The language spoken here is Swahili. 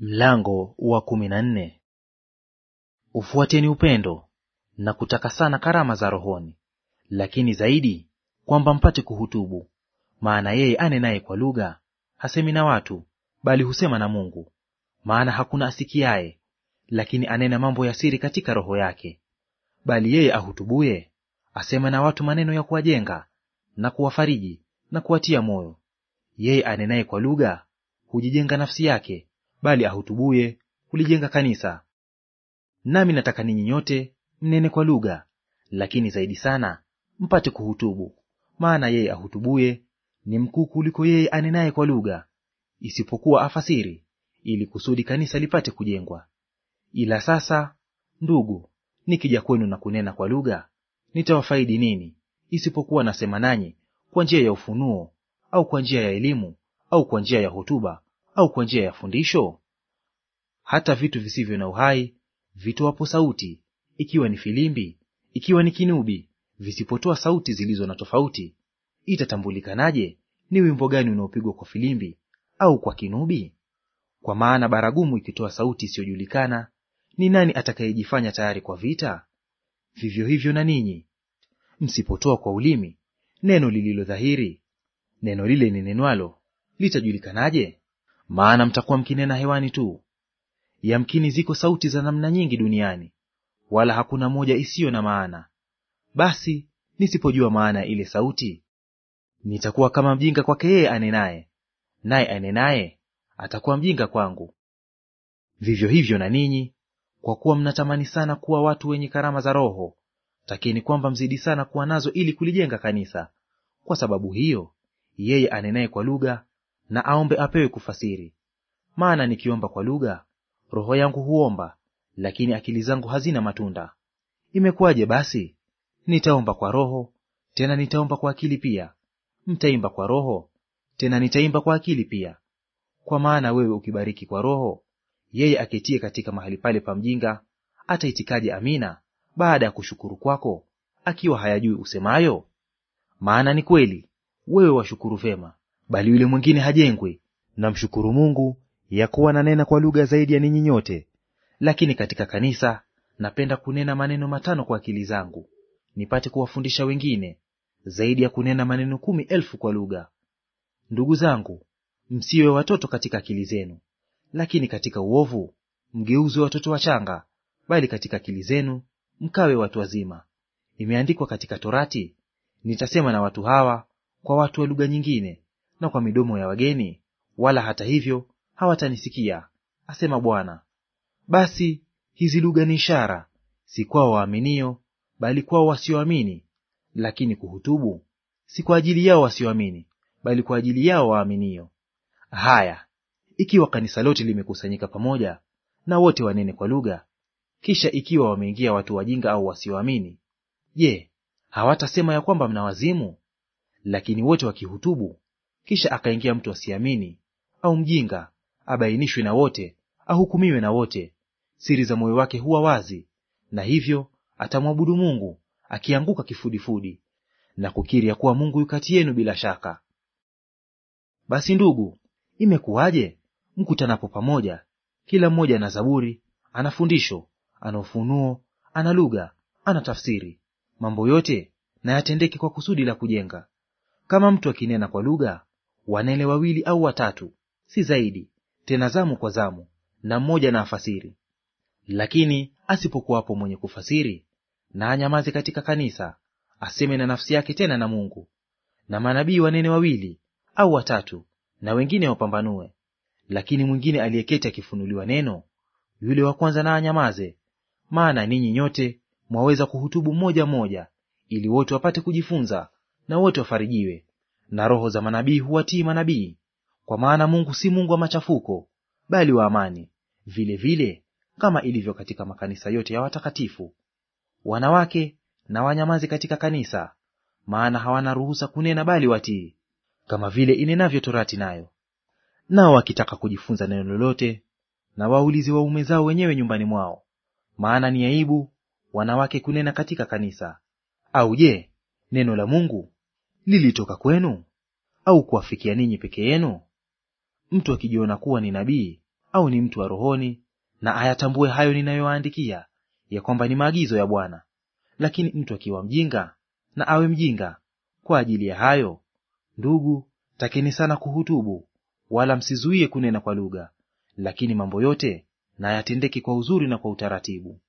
Mlango wa kumi na nne. Ufuateni upendo na kutaka sana karama za rohoni, lakini zaidi kwamba mpate kuhutubu. Maana yeye anenaye kwa lugha hasemi na watu, bali husema na Mungu. Maana hakuna asikiaye, lakini anena mambo ya siri katika roho yake. Bali yeye ahutubuye asema na watu maneno ya kuwajenga na kuwafariji na kuwatia moyo. Yeye anenaye kwa lugha hujijenga nafsi yake bali ahutubuye kulijenga kanisa. Nami nataka ninyi nyote mnene kwa lugha, lakini zaidi sana mpate kuhutubu, maana yeye ahutubuye ni mkuu kuliko yeye anenaye kwa lugha, isipokuwa afasiri, ili kusudi kanisa lipate kujengwa. Ila sasa, ndugu, nikija kwenu na kunena kwa lugha, nitawafaidi nini, isipokuwa nasema nanyi kwa njia ya ufunuo, au kwa njia ya elimu, au kwa njia ya hotuba, au kwa njia ya fundisho? Hata vitu visivyo na uhai vitoapo sauti, ikiwa ni filimbi, ikiwa ni kinubi, visipotoa sauti zilizo na tofauti, itatambulikanaje ni wimbo gani unaopigwa kwa filimbi au kwa kinubi? Kwa maana baragumu ikitoa sauti isiyojulikana, ni nani atakayejifanya tayari kwa vita? Vivyo hivyo na ninyi, msipotoa kwa ulimi neno lililo dhahiri, neno lile ninenwalo litajulikanaje? maana mtakuwa mkinena hewani tu. Yamkini ziko sauti za namna nyingi duniani, wala hakuna moja isiyo na maana. Basi nisipojua maana ya ile sauti, nitakuwa kama mjinga kwake yeye anenaye, naye anenaye atakuwa mjinga kwangu. Vivyo hivyo na ninyi, kwa kuwa mnatamani sana kuwa watu wenye karama za Roho, takini kwamba mzidi sana kuwa nazo, ili kulijenga kanisa. Kwa sababu hiyo, yeye anenaye kwa lugha na aombe apewe kufasiri. Maana nikiomba kwa lugha, roho yangu huomba, lakini akili zangu hazina matunda. Imekuwaje basi? Nitaomba kwa roho, tena nitaomba kwa akili pia; mtaimba kwa roho, tena nitaimba kwa akili pia. Kwa maana wewe ukibariki kwa roho, yeye aketie katika mahali pale pa mjinga ataitikaje amina, baada ya kushukuru kwako, akiwa hayajui usemayo? Maana ni kweli wewe washukuru vema bali yule mwingine hajengwi. Namshukuru Mungu ya kuwa nanena kwa lugha zaidi ya ninyi nyote, lakini katika kanisa napenda kunena maneno matano kwa akili zangu, nipate kuwafundisha wengine zaidi ya kunena maneno kumi elfu kwa lugha. Ndugu zangu, msiwe watoto katika akili zenu, lakini katika uovu mgeuzwe watoto wachanga, bali katika akili zenu mkawe watu wazima. Imeandikwa katika Torati, nitasema na watu hawa kwa watu wa lugha nyingine, na kwa midomo ya wageni, wala hata hivyo hawatanisikia, asema Bwana. Basi hizi lugha ni ishara, si kwao waaminio, bali kwao wasioamini; lakini kuhutubu si kwa ajili yao wasioamini, bali kwa ajili yao waaminio. Haya, ikiwa kanisa lote limekusanyika pamoja, na wote wanene kwa lugha, kisha ikiwa wameingia watu wajinga au wasioamini, je, hawatasema ya kwamba mna wazimu? Lakini wote wakihutubu kisha akaingia mtu asiamini au mjinga, abainishwe na wote, ahukumiwe na wote. Siri za moyo wake huwa wazi, na hivyo atamwabudu Mungu akianguka kifudifudi na kukiri ya kuwa Mungu yu kati yenu bila shaka. Basi ndugu, imekuwaje mkutanapo pamoja, kila mmoja ana zaburi, ana fundisho, ana ufunuo, ana lugha, ana tafsiri? Mambo yote na yatendeke kwa kusudi la kujenga. Kama mtu akinena kwa lugha, wanene wawili au watatu, si zaidi, tena zamu kwa zamu, na mmoja na afasiri. Lakini asipokuwapo mwenye kufasiri, na anyamaze katika kanisa, aseme na nafsi yake tena na Mungu. Na manabii wanene wawili au watatu, na wengine wapambanue. Lakini mwingine aliyeketi akifunuliwa neno, yule wa kwanza na anyamaze. Maana ninyi nyote mwaweza kuhutubu mmoja mmoja, ili wote wapate kujifunza na wote wafarijiwe na roho za manabii huwatii manabii, kwa maana Mungu si Mungu wa machafuko, bali wa amani, vile vile kama ilivyo katika makanisa yote ya watakatifu. Wanawake na wanyamazi katika kanisa, maana hawana ruhusa kunena, bali watii, kama vile inenavyo torati nayo. Nao wakitaka kujifunza neno lolote, na waulize waume zao wenyewe nyumbani mwao, maana ni aibu wanawake kunena katika kanisa. Au je, neno la Mungu lilitoka kwenu au kuwafikia ninyi peke yenu? Mtu akijiona kuwa ni nabii au ni mtu wa rohoni, na ayatambue hayo ninayoandikia ya kwamba ni maagizo ya Bwana. Lakini mtu akiwa mjinga, na awe mjinga. Kwa ajili ya hayo, ndugu, takeni sana kuhutubu, wala msizuie kunena kwa lugha, lakini mambo yote na yatendeke kwa uzuri na kwa utaratibu.